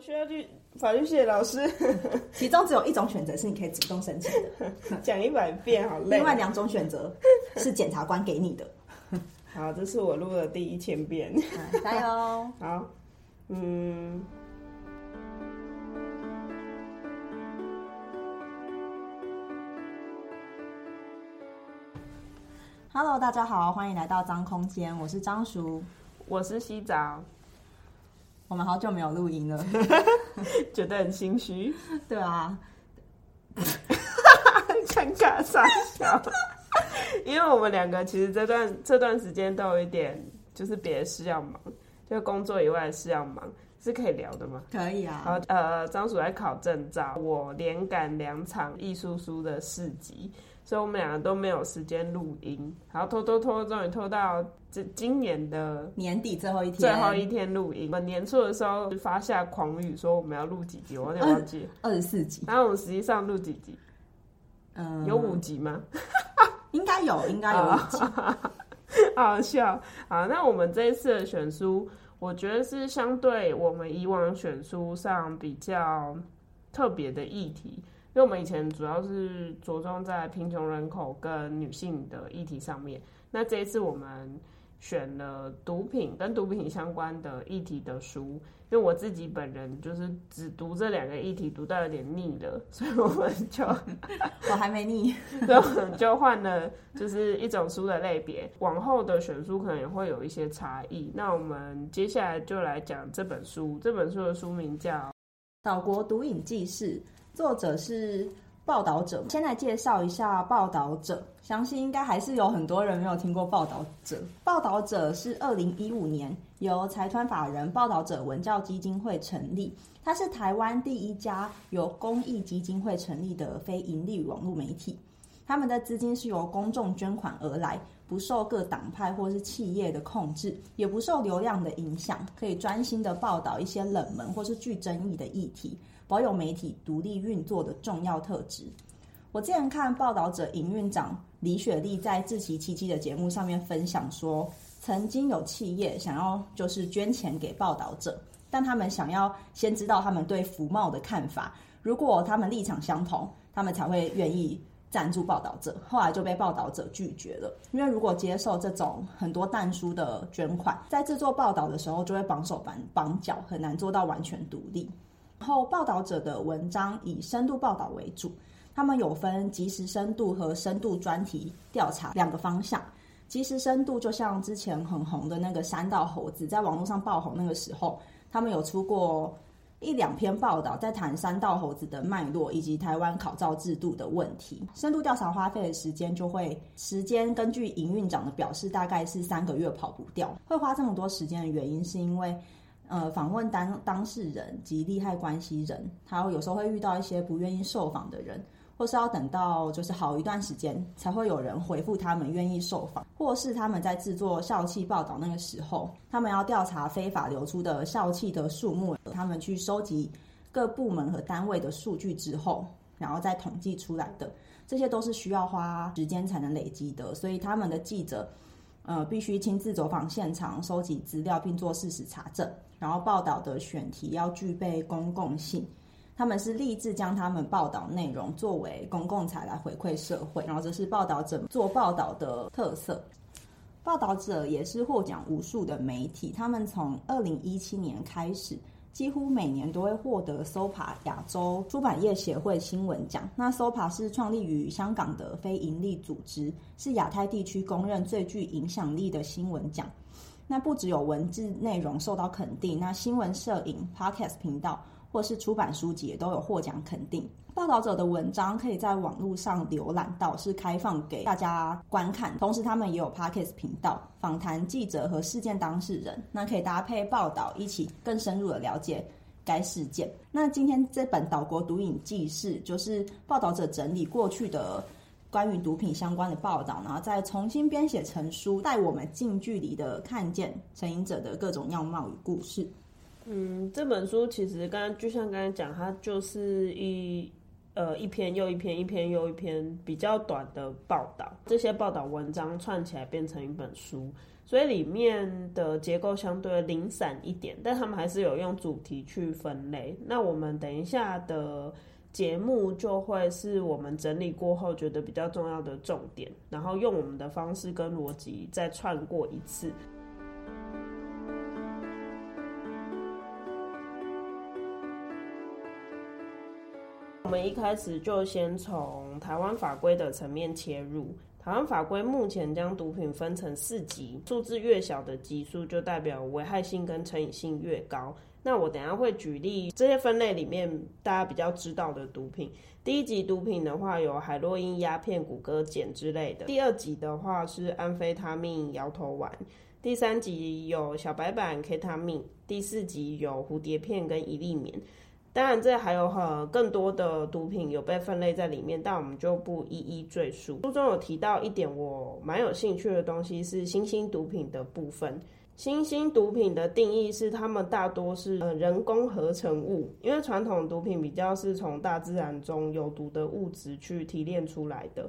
需要去法律系的老師、嗯，其中只有一種選擇是你可以主動申請的，講一百遍好累。另外兩種選擇是檢察官給你的。好，這是我錄的第一千遍，嗯、加油好。好，嗯。Hello，大家好，歡迎來到髒空間，我是張叔，我是西早。我們好久沒有錄音了，覺得很心虛。 對啊 ，尷尬，傻笑。 因為我們兩個其實這段這段時間都有一點就是別的事要忙，就工作以外的事要忙，是可以聊的嗎？可以啊。然後呃，張叔來考證照，我連趕兩場藝術書的市集。所以我們兩個都沒有時間錄音，然後拖拖拖，終於拖到這今年的年底最後一天，最後一天錄音。我們年初的時候發下狂語說我們要錄幾集，我有點忘記二，二十四集。然後我們實際上錄幾集？嗯，有五集嗎？應該有，應該有 好笑。好笑啊！那我們這一次的選書，我覺得是相對我們以往選書上比較特別的議題。因為我們以前主要是着重在貧窮人口跟女性的議題上面，那這一次我們選了毒品跟毒品相關的議題的書，因為我自己本人就是只讀這兩個議題，讀到有點膩了，所以我們就我還沒膩， 就我們就換了，就是一種書的類別。往後的選書可能也會有一些差異。那我們接下來就來講這本書，這本書的書名叫《島國毒癮記事》。作者是報導者，先來介紹一下報導者。相信應該還是有很多人沒有聽過報導者。報導者是二零一五年由財團法人報導者文教基金會成立，他是台灣第一家由公益基金會成立的非營利網絡媒體。他們的資金是由公眾捐款而來，不受各黨派或是企業的控制，也不受流量的影響，可以專心的報導一些冷門或是具爭議的議題。保有媒體獨立運作的重要特質。我之前看報導者營運長李雪莉在《志祺七七》的節目上面分享說，曾經有企業想要就是捐錢給報導者，但他們想要先知道他們對服貿的看法。如果他們立場相同，他們才會願意贊助報導者。後來就被報導者拒絕了，因為如果接受這種很多但書的捐款，在制作報導的時候就會綁手綁綁腳，很難做到完全獨立。然後報導者的文章以深度報道為主，他們有分即時深度和深度專題調查兩個方向。即時深度就像之前很紅的那個山道猴子在網絡上爆紅那個時候，他們有出過一兩篇報道在談山道猴子的脈絡以及台灣考照制度的問題。深度調查花費的時間就會時間，根據營運長的表示，大概是三個月跑不掉。會花這麼多時間的原因，是因為。呃，訪問當當事人及利害關係人，他有，有時候會遇到一些不願意受訪的人，或是要等到就是好一段時間才會有人回復他們願意受訪，或是他們在制作笑氣報道那個時候，他們要調查非法流出的笑氣的數目，他們去收集各部門和單位的數據之後，然後再統計出來的，這些都是需要花時間才能累積的，所以他們的記者。呃，必須親自走訪現場，收集資料，並做事實查證。然後報道的選題要具備公共性，他們是立志將他們報道內容作為公共財來回饋社會。然後這是報道者做報道的特色。報道者也是獲獎無數的媒體，他們從二零一七年開始。幾乎每年都會獲得 SOPA 亞洲出版業協會新聞獎。那 SOPA 是創立於香港的非營利組織，是亞太地區公認最具影響力的新聞獎。那不只有文字內容受到肯定，那新聞攝影、Podcast 頻道，或是出版書籍也都有獲獎肯定。報道者的文章可以在網絡上瀏覽到，是開放給大家觀看。同時，他們也有 podcast 頻道，訪談記者和事件當事人，那可以搭配報道，一起更深入的了解該事件。那今天這本《島國毒癮記事》就是報道者整理過去的關於毒品相關的報道，然後再重新編寫成書，帶我們近距離的看見成癮者的各種樣貌與故事。嗯，這本書其實剛就像剛才講，它就是一呃一篇又一篇，一篇又一篇比較短的報道這些報道文章串起來變成一本書，所以裡面的結構相對零散一點，但他們還是有用主題去分類。那我們等一下的節目就會是我們整理過後覺得比較重要的重點，然後用我們的方式跟邏輯再串過一次。我們一開始就先從台灣法規的層面切入。台灣法規目前將毒品分成四級，數字越小的級數就代表危害性跟成癮性越高。那我等下會舉例這些分類裡面大家比較知道的毒品。第一級毒品的話有海洛因、鴉片、古柯鹼之類的；第二級的話是安非他命、搖頭丸；第三級有小白板 Ketamine；第四級有蝴蝶片跟一粒眠。當然，這還有很更多的毒品有被分類在裡面，但我們就不一一贅述。書中有提到一點，我蠻有興趣的東西是新興毒品的部分。新興毒品的定義是，他們大多是、呃、人工合成物，因為傳統毒品比較是從大自然中有毒的物質去提煉出來的。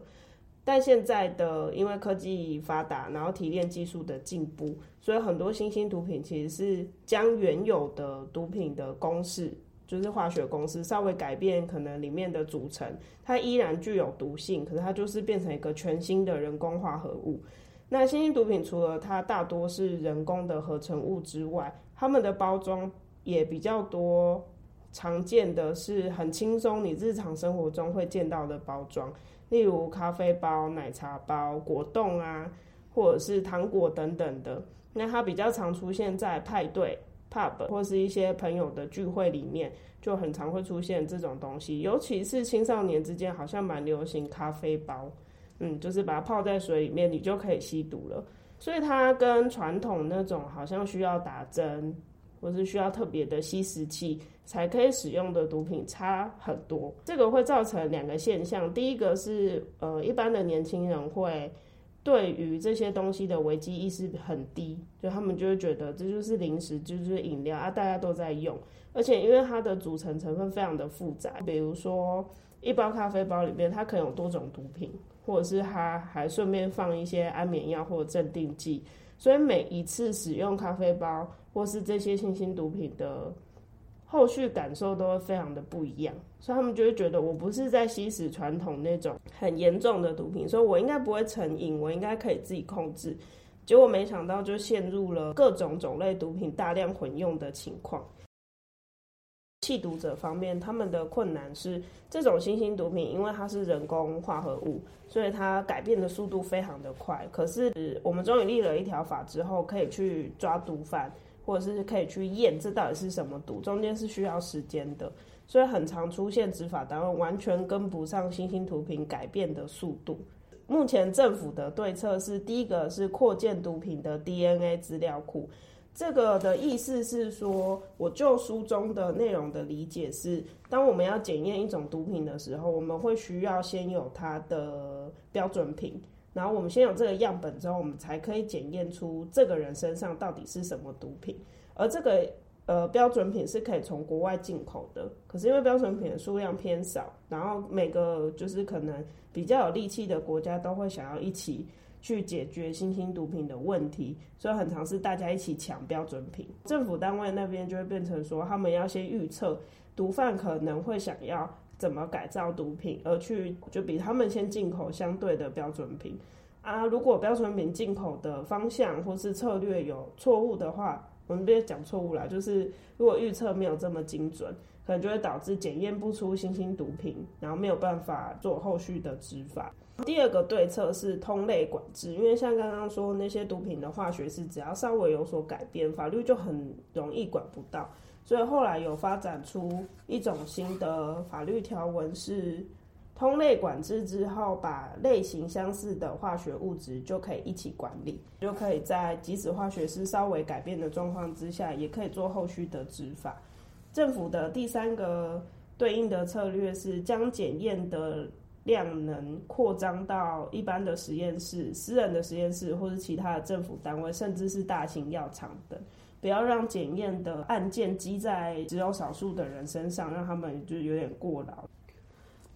但現在的因為科技發達，然後提煉技術的進步，所以很多新興毒品其實是將原有的毒品的公式。就是化學公司稍微改變可能裡面的組成，它依然具有毒性，可是它就是變成一個全新的人工化合物。那新型毒品除了它大多是人工的合成物之外，它們的包裝也比較多，常見的是很輕鬆你日常生活中會見到的包裝，例如咖啡包、奶茶包、果凍啊，或者是糖果等等的。那它比較常出現在派對 pub 或是一些朋友的聚會裡面就很常會出現這種東西，尤其是青少年之間好像蠻流行咖啡包，嗯，就是把它泡在水裡面，你就可以吸毒了。所以它跟傳統那種好像需要打針或是需要特別的吸食器才可以使用的毒品差很多。這個會造成兩個現象，第一個是呃一般的年輕人會。對於這些東西的危機意識很低，就他們就會覺得這就是零食，就是飲料啊，大家都在用。而且因為它的組成成分非常的複雜，比如說一包咖啡包裡面它可能有多種毒品，或者是它還順便放一些安眠藥或者鎮定劑，所以每一次使用咖啡包或是這些新興毒品的。後續感受都會非常的不一樣，所以他們就會覺得我不是在吸食傳統那種很嚴重的毒品，所以我應該不會成癮，我應該可以自己控制。結果沒想到就陷入了各種種類毒品大量混用的情況。緝毒者方面，他們的困難是這種新型毒品，因為它是人工化合物，所以它改變的速度非常的快。可是我們終於立了一條法之後，可以去抓毒販。或者是可以去驗這到底是什麼毒，中間是需要時間的，所以很常出現執法單位完全跟不上新興毒品改變的速度。目前政府的對策是，第一個是擴建毒品的 DNA 資料庫，這個的意思是說，我就書中的內容的理解是，當我們要檢驗一種毒品的時候，我們會需要先有它的標準品。然後我們先有這個樣本之後，我們才可以檢驗出這個人身上到底是什麼毒品。而這個呃標準品是可以從國外進口的，可是因爲標準品的數量偏少，然後每個就是可能比較有力氣的國家都會想要一起去解決新興毒品的問題，所以很常是大家一起搶標準品。政府單位那邊就會變成說，他們要先預測。毒販可能會想要怎麼改造毒品，而去就比他們先進口相對的標準品啊。如果標準品進口的方向或是策略有錯誤的話，我們別講錯誤啦，就是如果預測沒有這麼精準，可能就會導致檢驗不出新興毒品，然後沒有辦法做後續的執法。第二個對策是通類管制，因為像剛剛說那些毒品的化學式，只要稍微有所改變，法律就很容易管不到。所以後來有發展出一種新的法律條文，是通類管制之後，把類型相似的化學物質就可以一起管理，就可以在即使化學式稍微改變的狀況之下，也可以做後續的執法。政府的第三個對應的策略是將檢驗的量能擴張到一般的實驗室、私人的實驗室，或是其他的政府單位，甚至是大型藥廠等。不要讓檢驗的案件積在只有少數的人身上，讓他們就有點過勞。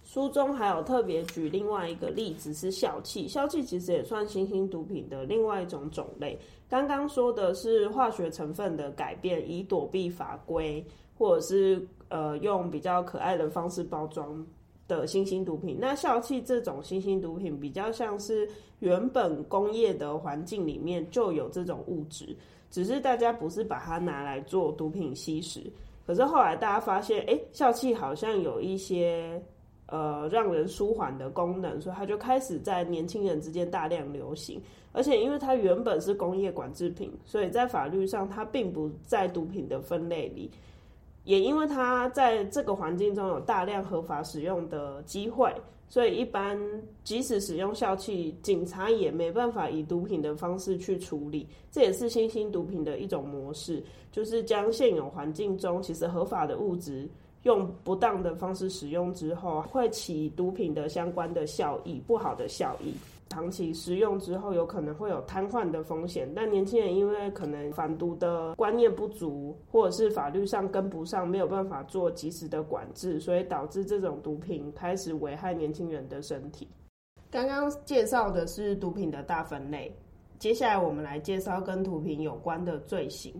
書中還有特別舉另外一個例子，是笑氣。笑氣其實也算新興毒品的另外一種種類。剛剛說的是化學成分的改變，以躲避法規，或者是呃用比較可愛的方式包裝的新興毒品。那笑氣這種新興毒品，比較像是原本工業的環境裡面就有這種物質。只是大家不是把它拿來做毒品吸食，可是後來大家發現，哎、欸，笑氣好像有一些呃讓人舒緩的功能，所以它就開始在年輕人之間大量流行。而且因為它原本是工業管制品，所以在法律上它並不在毒品的分類裡。也因為它在這個環境中有大量合法使用的機會。所以，一般即使使用笑氣，警察也沒辦法以毒品的方式去處理。這也是新興毒品的一種模式，就是將現有環境中其實合法的物質，用不當的方式使用之後，會起毒品的相關的效益，不好的效益。長期食用之後，有可能會有癱瘓的風險。但年輕人因為可能反毒的觀念不足，或者是法律上跟不上，沒有辦法做及時的管制，所以導致這種毒品開始危害年輕人的身體。剛剛介紹的是毒品的大分類，接下來我們來介紹跟毒品有關的罪行。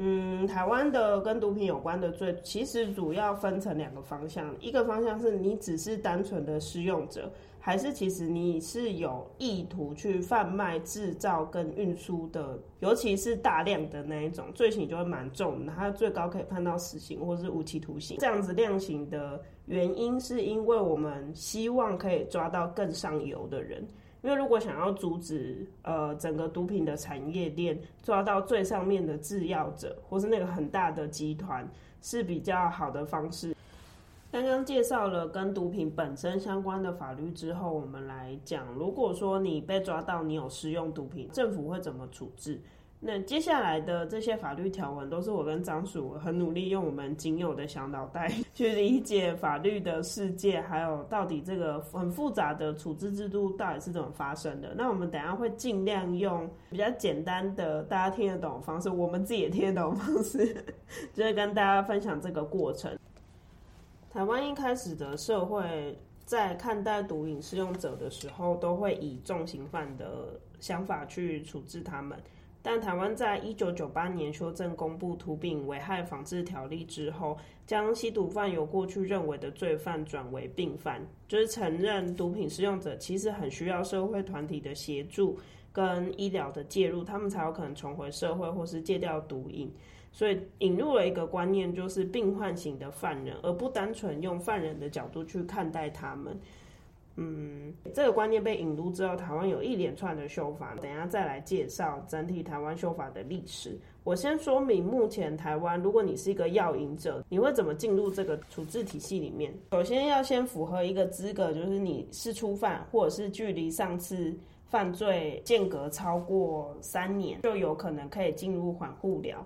嗯，台灣的跟毒品有關的罪，其實主要分成兩個方向，一個方向是你只是單純的施用者。還是其實你是有意圖去販賣、製造跟運輸的，尤其是大量的那一種，罪行就會蠻重的，它最高可以判到死刑或是無期徒刑。這樣子量刑的原因，是因為我們希望可以抓到更上游的人，因為如果想要阻止呃整個毒品的產業鏈，抓到最上面的製藥者或是那個很大的集團是比較好的方式。剛剛介紹了跟毒品本身相關的法律之後，我們來講，如果說你被抓到你有使用毒品，政府會怎麼處置？那接下來的這些法律條文都是我跟張叔很努力用我們僅有的小腦袋去理解法律的世界，還有到底這個很複雜的處置制度到底是怎麼發生的。那我們等一下會盡量用比較簡單的大家聽得懂的方式，我們自己也聽得懂的方式，就是跟大家分享這個過程。台灣一開始的社會在看待毒品使用者的時候，都會以重刑犯的想法去處置他們。但台灣在一九九八年修正公布《毒品危害防治條例》之後，將吸毒犯由過去認為的罪犯轉為病犯，就是承認毒品使用者其實很需要社會團體的協助。跟醫療的介入，他們才有可能重回社會或是戒掉毒癮。所以引入了一個觀念，就是病患型的犯人，而不單純用犯人的角度去看待他們。嗯，這個觀念被引入之後，台灣有一連串的修法。等一下再來介紹整體台灣修法的歷史。我先說明目前台灣，如果你是一個藥癮者，你會怎麼進入這個處置體系裡面？首先要先符合一個資格，就是你是初犯，或者是距離上次。犯罪間隔超過三年，就有可能可以進入緩護療。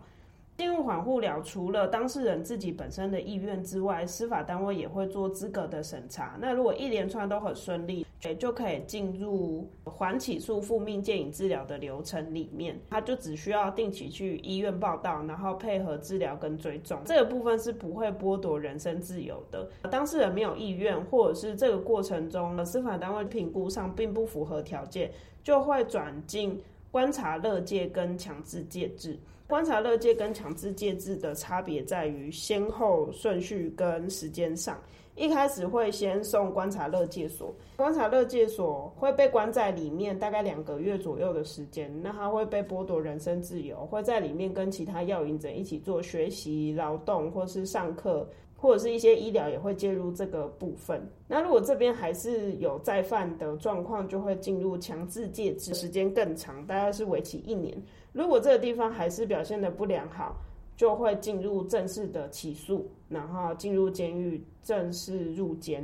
進入緩護療，除了當事人自己本身的意願之外，司法單位也會做資格的審查。那如果一連串都很順利，也就可以進入緩起訴、附命、戒癮治療的流程裡面。他就只需要定期去醫院報到，然後配合治療跟追蹤，這個部分是不會剝奪人身自由的。當事人沒有意願，或者是這個過程中司法單位評估上並不符合條件，就會轉進。觀察勒戒跟強制戒治，觀察勒戒跟強制戒治的差別在於先後順序跟時間上。一開始會先送觀察勒戒所，觀察勒戒所會被關在裡面大概兩個月左右的時間，那他會被剝奪人身自由，會在裡面跟其他藥癮者一起做學習、勞動或是上課。或者是一些醫療也會介入這個部分。那如果這邊還是有再犯的狀況，就會進入強制戒治，時間更長，大概是為期一年。如果這個地方還是表現得不良好，就會進入正式的起訴，然後進入監獄，正式入監。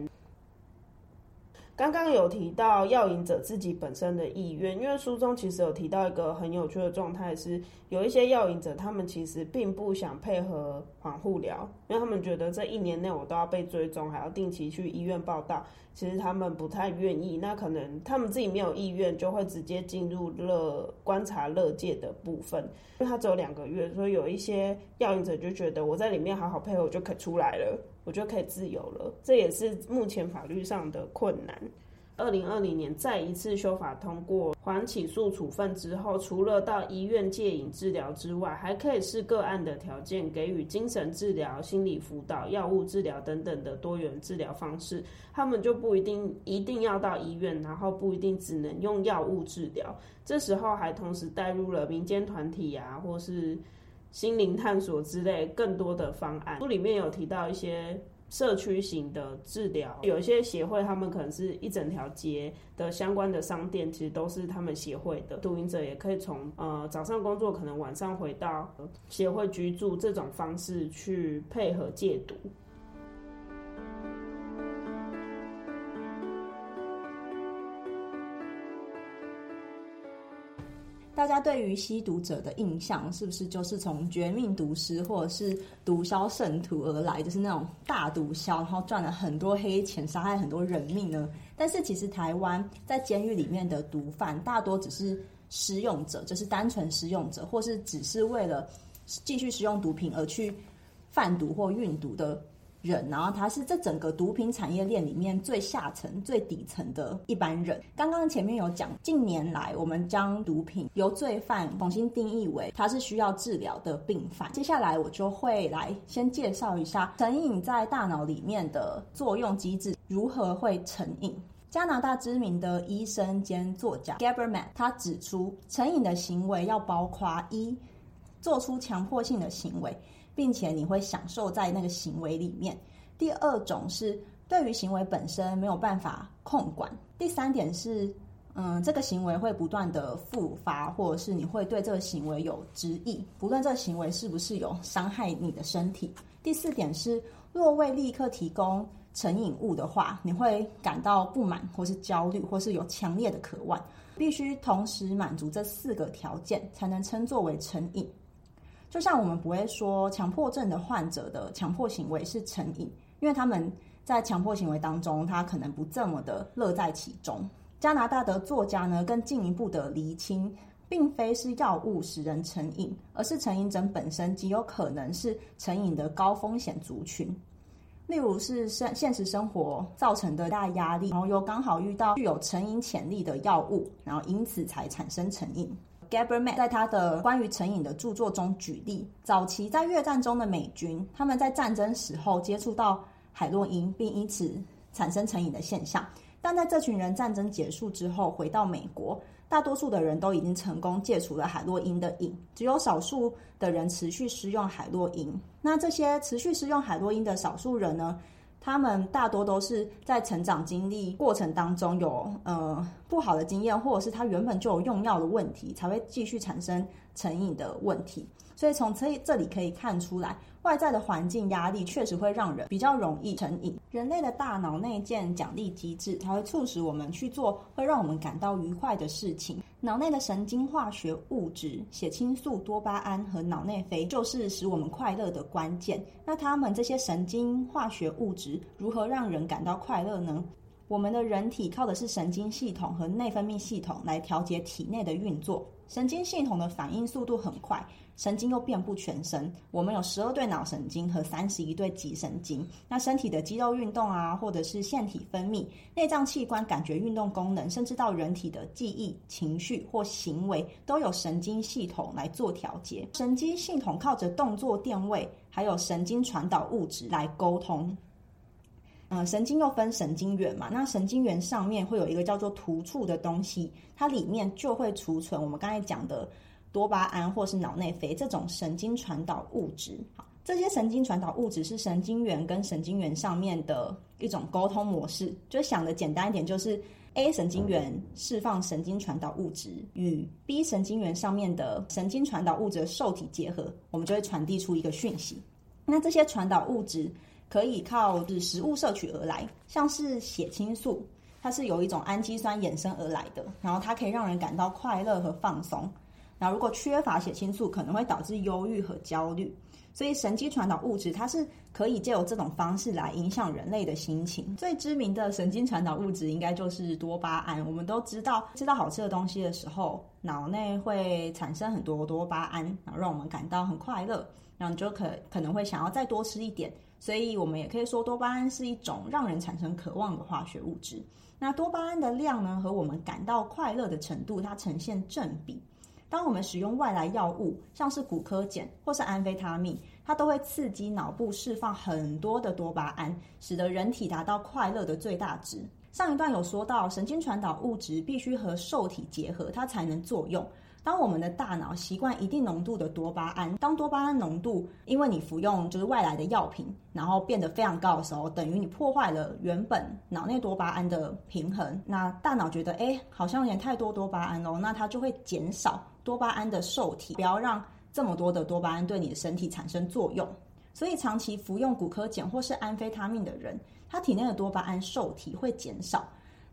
剛剛有提到藥癮者自己本身的意願，因為書中其實有提到一個很有趣的狀態是，是有一些藥癮者他們其實並不想配合緩護療，因為他們覺得這一年內我都要被追蹤，還要定期去醫院報到，其實他們不太願意。那可能他們自己沒有意願，就會直接進入了觀察勒戒的部分。因為他只有兩個月，所以有一些藥癮者就覺得我在裡面好好配合，我就可以出來了。我就可以自由了，這也是目前法律上的困難。二零二零年再一次修法通過緩起訴處分之後，除了到醫院戒癮治療之外，還可以是個案的條件給予精神治療、心理輔導、藥物治療等等的多元治療方式。他們就不一定一定要到醫院，然後不一定只能用藥物治療。這時候還同時帶入了民間團體啊，或是。心靈探索之類更多的方案。書裡面有提到一些社區型的治療，有一些協會，他們可能是一整條街的相關的商店，其實都是他們協會的。毒癮者也可以從呃早上工作，可能晚上回到協會居住這種方式去配合戒毒。大家對於吸毒者的印象，是不是就是從《絕命毒師》或者是毒梟聖徒而來，就是那種大毒梟，然後賺了很多黑錢，殺害很多人命呢？但是其實台灣在監獄裡面的毒販，大多只是施用者，就是單純施用者，或是只是為了繼續使用毒品而去販毒或運毒的。人，然後他是這整個毒品產業鏈裡面最下層、最底層的一般人。剛剛前面有講，近年來我們將毒品由罪犯重新定義為，它是需要治療的病犯。接下來我就會來先介紹一下成癮在大腦裡面的作用機制，如何會成癮。加拿大知名的醫生兼作家 Gaberman，他指出，成癮的行為要包括一，做出強迫性的行為。並且你會享受在那個行為裡面。第二種是對於行為本身沒有辦法控管。第三點是，嗯，這個行為會不斷的復發，或者是你會對這個行為有執意，不論這個行為是不是有傷害你的身體。第四點是，若未立刻提供成癮物的話，你會感到不滿，或是焦慮，或是有強烈的渴望。必須同時滿足這四個條件，才能稱作為成癮。就像我們不會說強迫症的患者的強迫行為是成癮，因為他們在強迫行為當中，他可能不這麼的樂在其中。加拿大的作家呢，更進一步的釐清，並非是藥物使人成癮，而是成癮症本身極有可能是成癮的高風險族群，例如是現實生活造成的大壓力，然後又剛好遇到具有成癮潛力的藥物，然後因此才產生成癮。Gabor Maté 在他的關於成癮的著作中舉例，早期在越戰中的美軍，他們在戰爭時候接觸到海洛因，並因此產生成癮的現象。但在這群人戰爭結束之後回到美國，大多數的人都已經成功戒除了海洛因的癮，只有少數的人持續施用海洛因。那這些持續施用海洛因的少數人呢？他們大多都是在成長經歷過程當中有呃不好的經驗，或者是他原本就有用藥的問題，才會繼續產生。成癮的問題，所以從這這裡可以看出來，外在的環境壓力確實會讓人比較容易成癮。人類的大腦內建獎勵機制才會促使我們去做會讓我們感到愉快的事情。腦內的神經化學物質，血清素、多巴胺和腦內啡，就是使我們快樂的關鍵。那他們這些神經化學物質如何讓人感到快樂呢？我們的人體靠的是神經系統和內分泌系統來調節體內的運作。神經系統的反應速度很快，神經又遍佈全身。我們有十二對腦神經和三十一對脊神經。那身體的肌肉運動啊，或者是腺體分泌、內臟器官感覺運動功能，甚至到人體的記憶、情緒或行為，都有神經系統來做調節。神經系統靠着動作電位，還有神經傳導物質來溝通。呃、嗯，神經又分神經元嘛，那神經元上面會有一個叫做突觸的東西，它裡面就會儲存我們剛才講的多巴胺或是腦內啡這種神經傳導物質。好，這些神經傳導物質是神經元跟神經元上面的一種溝通模式，就想的簡單一點，就是 A 神經元釋放神經傳導物質，與 B 神經元上面的神經傳導物質的受體結合，我們就會傳遞出一個訊息。那這些傳導物質可以靠是食物攝取而來，像是血清素，它是由一種氨基酸衍生而來的，然後它可以讓人感到快樂和放鬆。然後如果缺乏血清素，可能會導致憂鬱和焦慮。所以神經傳導物質它是可以借由這種方式來影響人類的心情。最知名的神經傳導物質應該就是多巴胺。我們都知道吃到好吃的東西的時候，腦內會產生很多多巴胺，然後讓我們感到很快樂，然後你就可可能會想要再多吃一點。所以我們也可以說，多巴胺是一種讓人產生渴望的化學物質。那多巴胺的量呢，和我們感到快樂的程度，它呈現正比。當我們使用外來藥物，像是古柯鹼或是安非他命，它都會刺激腦部釋放很多的多巴胺，使得人體達到快樂的最大值。上一段有說到，神經傳導物質必須和受體結合，它才能作用。當我們的大腦習慣一定濃度的多巴胺，當多巴胺濃度因為你服用就是外來的藥品，然後變得非常高的時候，等於你破壞了原本腦內多巴胺的平衡。那大腦覺得，哎，好像有點太多多巴胺哦，那它就會減少多巴胺的受體，不要讓這麼多的多巴胺對你的身體產生作用。所以，長期服用古柯鹼或是安非他命的人，他體內的多巴胺受體會減少。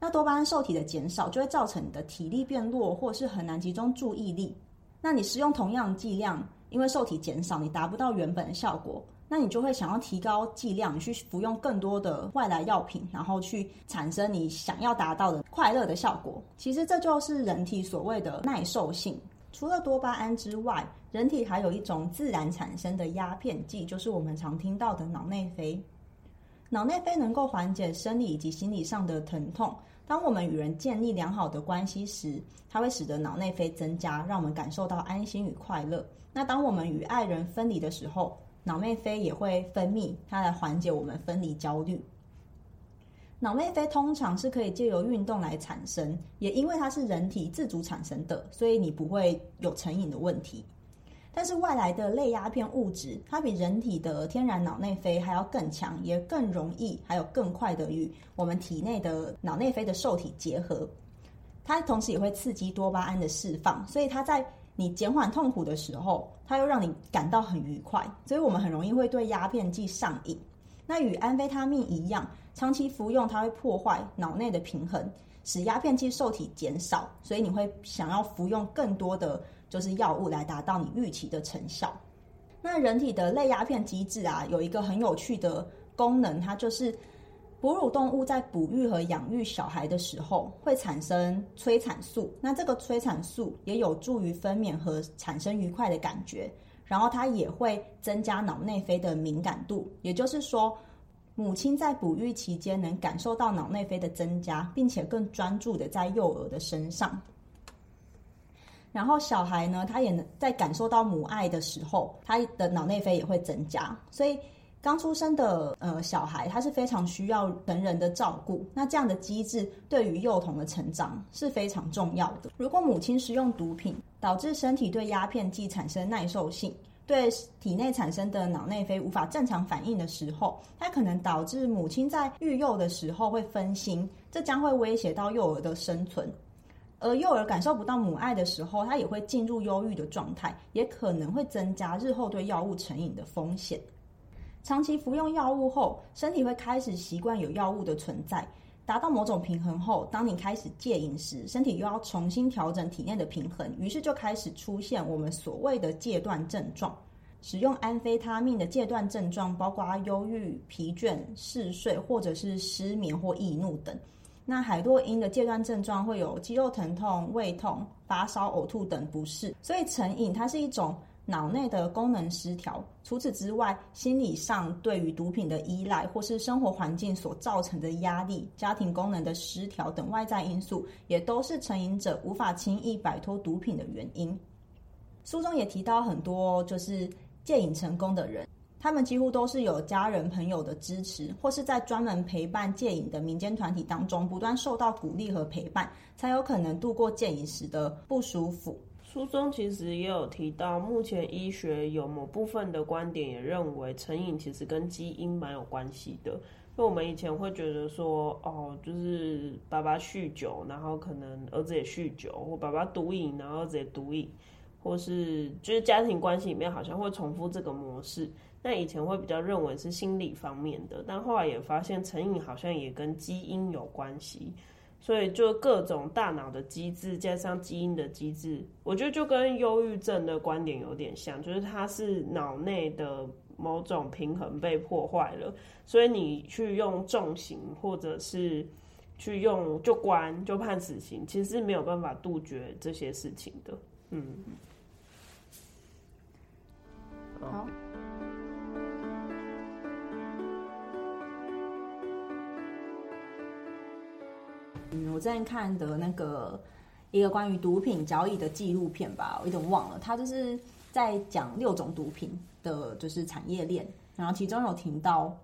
那多巴胺受體的減少，就會造成你的體力變弱，或是很難集中注意力。那你使用同樣劑量，因為受體減少，你達不到原本的效果，那你就會想要提高劑量，去服用更多的外來藥品，然後去產生你想要達到的快樂的效果。其實這就是人體所謂的耐受性。除了多巴胺之外，人體還有一種自然產生的鴉片劑，就是我們常聽到的腦內啡。腦內啡能夠緩解生理以及心理上的疼痛。當我們與人建立良好的關係時，它會使得腦內啡增加，讓我們感受到安心與快樂。那當我們與愛人分離的時候，腦內啡也會分泌，它來緩解我們分離焦慮。腦內啡通常是可以藉由運動來產生，也因為它是人體自主產生的，所以你不會有成癮的問題。但是外來的類鴉片物質，它比人體的天然腦內啡還要更強，也更容易，還有更快的與我們體內的腦內啡的受體結合。它同時也會刺激多巴胺的釋放，所以它在你減緩痛苦的時候，它又讓你感到很愉快。所以我們很容易會對鴉片劑上癮。那與安非他命一樣，長期服用它會破壞腦內的平衡，使鴉片劑受體減少，所以你會想要服用更多的。就是藥物來達到你預期的成效。那人體的類鴉片機制啊，有一個很有趣的功能，它就是哺乳動物在哺育和養育小孩的時候會產生催產素。那這個催產素也有助於分娩和產生愉快的感覺，然後它也會增加腦內啡的敏感度。也就是說，母親在哺育期間能感受到腦內啡的增加，並且更專注的在幼兒的身上。然後小孩呢，他也能在感受到母愛的時候，他的腦內啡也會增加。所以剛出生的呃小孩，他是非常需要成人、人的照顧。那這樣的機制對於幼童的成長是非常重要的。如果母親使用毒品，導致身體對鴉片劑產生耐受性，對體內產生的腦內啡無法正常反應的時候，它可能導致母親在育幼的時候會分心，這將會威脅到幼兒的生存。而幼兒感受不到母愛的時候，他也會進入憂鬱的狀態，也可能會增加日後對藥物成癮的風險。長期服用藥物後，身體會開始習慣有藥物的存在，達到某種平衡後，當你開始戒癮時，身體又要重新調整體內的平衡，於是就開始出現我們所謂的戒斷症狀。使用安非他命的戒斷症狀包括憂鬱、疲倦、嗜睡，或者是失眠或易怒等。那海洛因的戒斷症狀會有肌肉疼痛、胃痛、發燒、嘔吐等不適，所以成癮它是一種腦內的功能失調。除此之外，心理上對於毒品的依賴，或是生活環境所造成的壓力、家庭功能的失調等外在因素，也都是成癮者無法輕易擺脫毒品的原因。書中也提到很多就是戒癮成功的人。他們幾乎都是有家人朋友的支持，或是在專門陪伴戒癮的民間團體當中不斷受到鼓勵和陪伴，才有可能度過戒癮時的不舒服。書中其實也有提到，目前醫學有某部分的觀點也認為成癮其實跟基因蠻有關係的。因為我們以前會覺得說，哦，就是爸爸酗酒，然後可能兒子也酗酒；或爸爸毒癮，然後兒子也毒癮；或是就是家庭關係裡面好像會重複這個模式。那以前會比較認為是心理方面的，但後來也發現成癮好像也跟基因有關係，所以就各種大腦的機制，加上基因的機制，我覺得就跟憂鬱症的觀點有點像，就是它是腦內的某種平衡被破壞了，所以你去用重刑或者是去用就關就判死刑，其實是沒有辦法杜絕這些事情的，嗯，好。我之前看的那個一個關於毒品交易的紀錄片吧，我有點忘了。他就是在講六種毒品的就是產業鏈，然後其中有提到，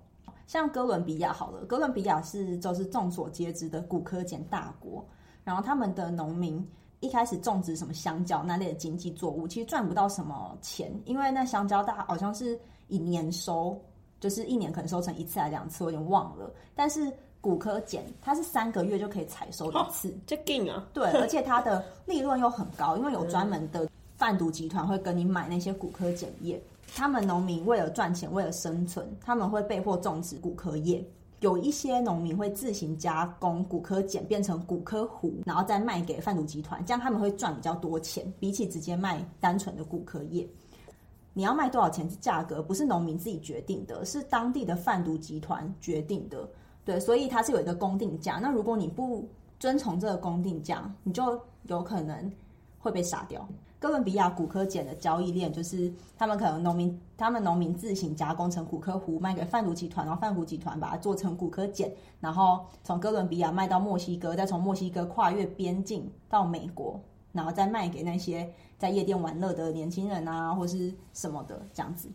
像哥倫比亞好了，哥倫比亞是就是眾所皆知的古柯鹼大國。然後他們的農民一開始種植什麼香蕉那類的經濟作物，其實賺不到什麼錢，因為那香蕉大好像是以年收，就是一年可能收成一次還兩次，我有點忘了。但是古柯鹼，它是三個月就可以採收一次，就、哦、定啊。對，而且它的利潤又很高， 因為有專門的販毒集團會跟你買那些古柯葉。他們農民為了賺錢，為了生存，他們會被迫種植古柯葉。有一些農民會自行加工古柯鹼，變成古柯糊，然後再賣給販毒集團，這樣他們會賺比較多錢，比起直接賣單純的古柯葉。你要賣多少錢？價格不是農民自己決定的，是當地的販毒集團決定的。對，所以它是有一個公定價。那如果你不遵從這個公定價，你就有可能會被殺掉。哥倫比亞古柯鹼的交易鏈就是，他們可能農民，他們農民自行加工成古柯糊，賣給販毒集團，然後販毒集團把它做成古柯鹼，然後從哥倫比亞賣到墨西哥，再從墨西哥跨越邊境到美國，然後再賣給那些在夜店玩樂的年輕人啊，或者是什麼的這樣子。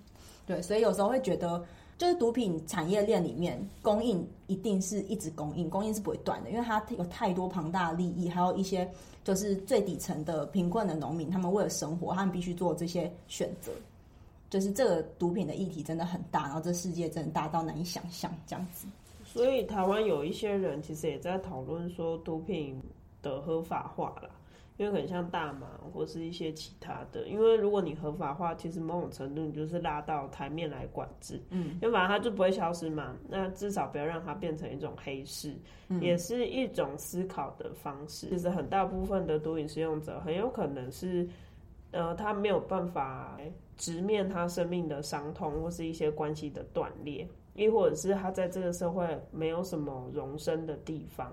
對，所以有時候會覺得。就是毒品產業鏈裡面供應一定是一直供應，供應是不會斷的，因為它有太多龐大的利益，還有一些就是最底層的貧困的農民，他們為了生活，他們必須做這些選擇。就是這個毒品的議題真的很大，然後這世界真的大到難以想象這樣子。所以台灣有一些人其實也在討論說毒品的合法化啦。因為很像大麻或是一些其他的。因為如果你合法化，其實某種程度你就是拉到台面來管制。嗯，因為反正它就不會消失嘛。那至少不要讓它變成一種黑市。嗯，也是一種思考的方式。其實很大部分的毒癮使用者很有可能是，呃，他沒有辦法直面他生命的傷痛，或是一些關係的斷裂，亦或者是他在這個社會沒有什麼容身的地方。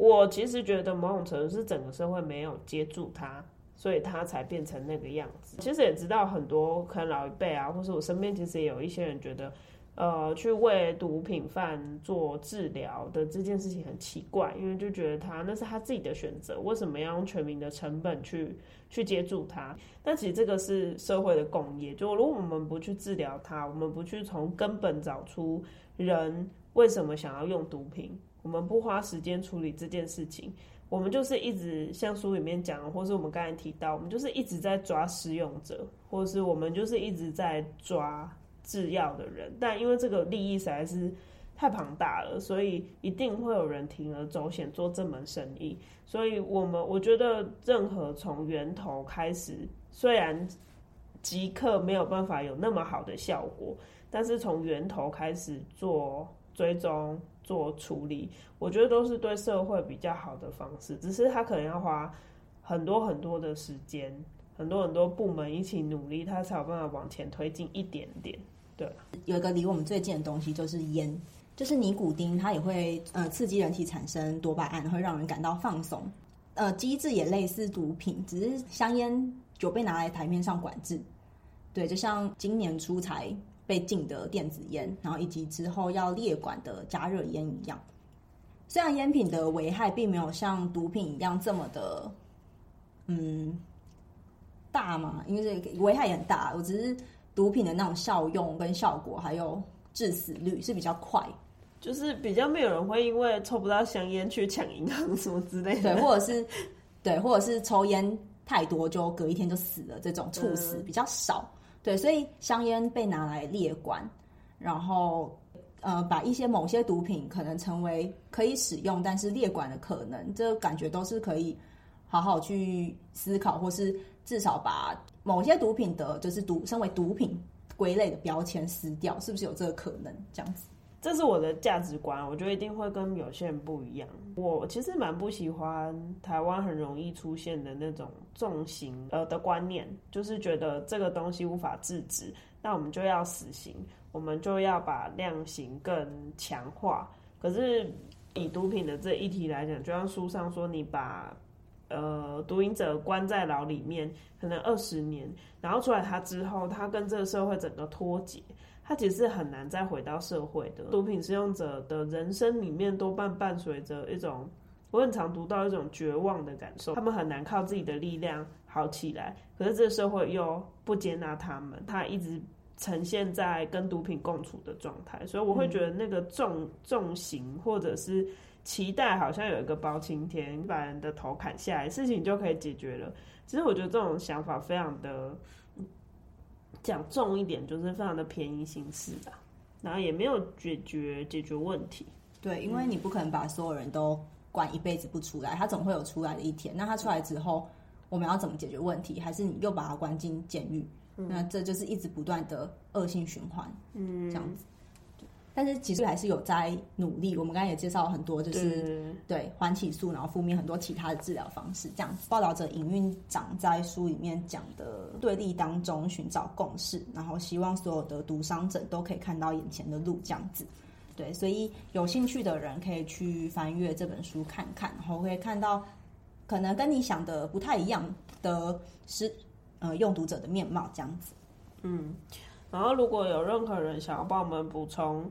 我其實覺得某種程度是整個社會沒有接住他，所以他才變成那個樣子。其實也知道很多可能老一輩啊，或是我身邊其實也有一些人覺得，呃，去為毒品犯做治療的這件事情很奇怪，因為就覺得他那是他自己的選擇，為什麼要用全民的成本去去接住他？但其實這個是社會的共業，就如果我們不去治療它，我們不去從根本找出人為什麼想要用毒品。我們不花時間處理這件事情，我們就是一直像書裡面講，或是我們剛才提到，我們就是一直在抓使用者，或者是我們就是一直在抓製藥的人。但因為這個利益實在是太龐大了，所以一定會有人鋌而走險做這門生意。所以我們我覺得，任何從源頭開始，雖然即刻沒有辦法有那麼好的效果，但是從源頭開始做，追蹤做處理，我覺得都是對社會比較好的方式，只是他可能要花很多很多的時間，很多很多部門一起努力，他才有辦法往前推進一點點。對，有一個離我們最近的東西就是煙，就是尼古丁，它也會呃刺激人體產生多巴胺，會讓人感到放鬆。呃，機制也類似毒品，只是香煙就被拿來台面上管制。對，就像今年出台，被禁的電子煙，然後以及之後要列管的加熱煙一樣。雖然煙品的危害並沒有像毒品一樣這麼的，嗯，大嘛，因為這個危害也很大。我只是毒品的那種效用跟效果，還有致死率是比較快，就是比較沒有人會因為抽不到香煙去搶銀行什麼之類的，對，或者是對，或者是抽煙太多就隔一天就死了這種猝死比較少。嗯對，所以香菸被拿來列管，然後，呃，把一些某些毒品可能成為可以使用，但是列管的可能，這個感覺都是可以好好去思考，或是至少把某些毒品的，就是毒，稱為毒品歸類的標籤撕掉，是不是有這個可能？這樣子。這是我的價值觀，我覺得一定會跟有些人不一樣。我其實蠻不喜歡台灣很容易出現的那種重刑呃的觀念，就是覺得這個東西無法制止，那我們就要死刑，我們就要把量刑更強化。可是以毒品的這一題來講，就像書上說，你把呃毒癮者關在牢裡面可能二十年，然後出來他之後，他跟這個社會整個脫節。他其實是很難再回到社會的。毒品使用者的人生裡面多半伴隨着一種，我很常讀到一種絕望的感受。他們很難靠自己的力量好起來，可是這個社會又不接納他們，他一直呈現在跟毒品共處的狀態。所以我會覺得那個重重刑或者是期待，好像有一個包青天把人的頭砍下來，事情就可以解決了。其實我覺得這種想法非常的。講重一點，就是非常的便宜行事吧，然後也沒有解決解決問題。對，因為你不可能把所有人都關一輩子不出來，他總會有出來的一天。那他出來之後，我們要怎麼解決問題？還是你又把他關進監獄？那這就是一直不斷的惡性循環，嗯，這樣子。但是其實還是有在努力。我們剛才也介紹了很多，就是、嗯、對緩起訴，然後負面很多其他的治療方式。這樣，報道者營運長在書裡面講的對立當中尋找共識，然後希望所有的毒傷者都可以看到眼前的路。這樣子，對，所以有興趣的人可以去翻閱這本書看看，然後可以看到可能跟你想的不太一樣的是呃用藥者的面貌這樣子，嗯。然後如果有任何人想要幫我們補充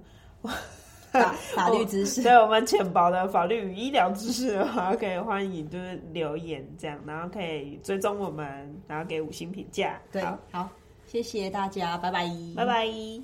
法律知識，對我們淺薄的法律與醫療知識的話，可以歡迎就是留言這樣，然後可以追蹤我們，然後給五星評價。對，好，好，謝謝大家，拜拜，拜拜。